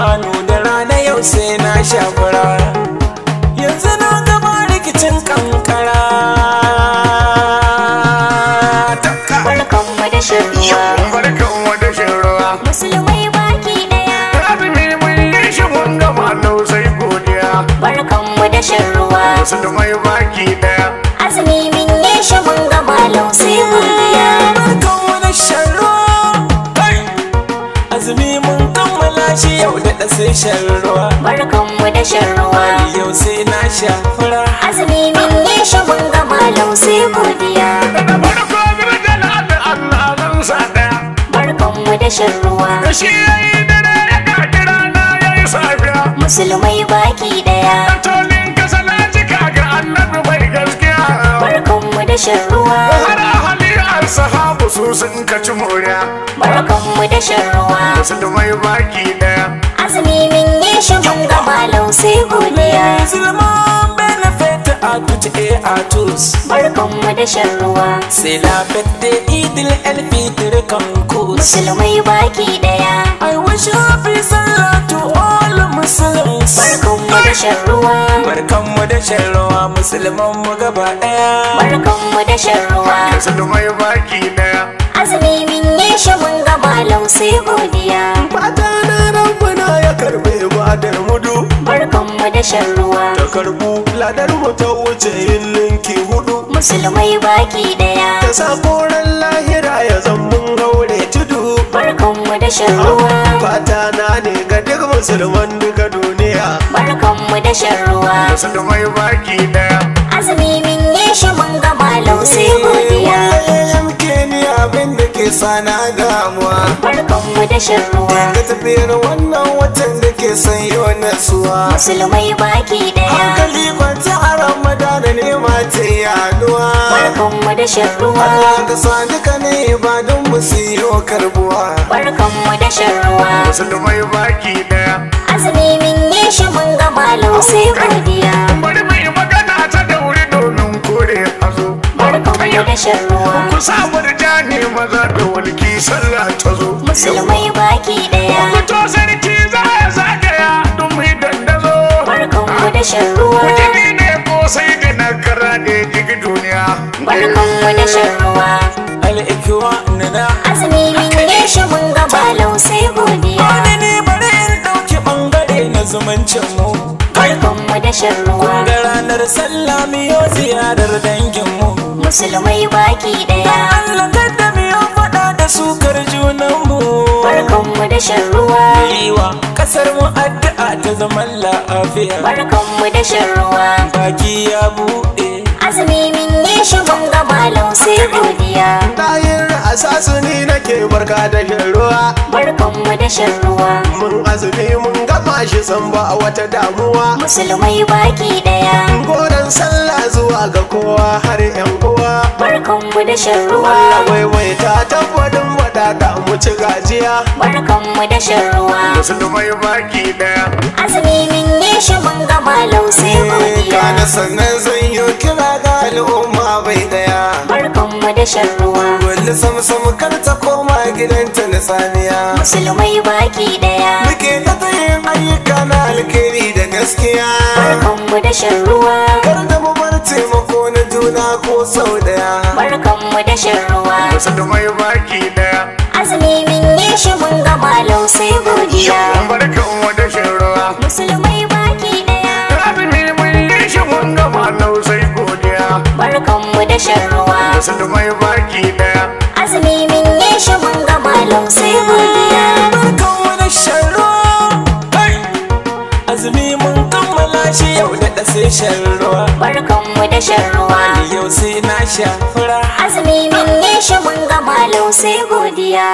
hannu da rana yau sai na shafura yanzu na gaba rikicin kankara barkanmu da shirwa barkanmu da baki da shirwa baki daya azumi mun yi shi mun ci yau da sai shan ruwa barkanmu da shan ruwa yau sai na sha fura azumi min ne shagun gama lau sai godiya barkanmu da shan ruwa kashi yayi dare ya kaki rana yayi safiya musulmai baki daya katolin ka ga ga annabi bai gaskiya barkanmu da shan ruwa har sahabu su sun kaci moriya barkanmu da shan ruwa su da mai baki daya azumi min yi shi mun ga malam sai godiya zulman benefit a kuce a tus barkanmu da shan ruwa sai lafet da idil alfitir kan musulmai baki daya i wish you peace and love to all muslims barkanmu da shan ruwa barkan mu da shan ruwa musulman mu gaba daya barkan mu da shan ruwa musulmai baki daya azumi min yi shi mun gaba lau sai godiya fata na rabbana ya karbe da mudu barkan mu da shan ruwa ta karbu ladar mu ta wuce yin linki hudu musulmai baki daya ta sakoran lahira ya mun gaure tudu barkan mu da shan ruwa fata na ne ga duk musulman duka duniya mu da shan ruwa mai baki da azumi min yi shi mun ga lau sai godiya yamke ni abin da ke sana damuwa barkan mu da shan ruwa da tafiyar wannan watan da ke san yau nasuwa musulmai baki da hankali kwanta a ramadan ne ma ta yaduwa barkan mu da shan ruwa Allah ka sa duka ne ibadun mu su yi karbuwa barkan mu da shan ruwa musulmai baki da azumi shi mun ga malam sai godiya bari mai magana ta da wuri domin kore hazo barkan mu da shan ruwa ku sa murjani maza da walki sallah ta zo musulmai baki daya ku to sarki za ya zagaya don mu yi dandazo barkan mu da shan ruwa kudi ne ko sai da na kara ne jigi duniya barkan mu da shan ruwa al nana azumi ne bambancin mu barkan mu da ranar sallah miyo ziyarar dangin mu musulmai baki daya Allah kada miyo fada da sukar junan mu barkan mu da shirruwa yiwa kasar mu addu'a ta zaman lafiya barkan mu da shirruwa baki ya bude azumi min yi shi gaba lau sai godiya bayan asasu ne ke barka da shan ruwa barkanmu da shan ruwa mun azumi mun gama shi san ba wata damuwa musulmai baki daya goran sallah zuwa ga kowa har yan uwa barkanmu da shan ruwa Allah tabbadin tabbatin wadada mu ci gajiya barkanmu da shan ruwa musulmai baki daya azumi min ne shi mun gama lausai eh, godiya kana sannan zan yi kira ga al'umma bai daya barkanmu da shan ruwa kalli sama kar ta koma gidanta na saniya musulmai baki daya muke ta tayin ayyuka na alkhairi da gaskiya barkanmu da shan ruwa kar da mu bar taimako na juna ko sau daya barkanmu da shan ruwa musulmai baki daya azumi min ne shi mun ga malau sai godiya barkanmu da shan ruwa musulmai baki daya azumi mun yi shi mun gama lau sai godiya barkanmu da shan ruwa musulmai baki daya mun kammala shi yau da ɗase shan ruwa Barkanmu da shan ruwa yau sai na sha fura azumi min ne shi mun gama lau sai godiya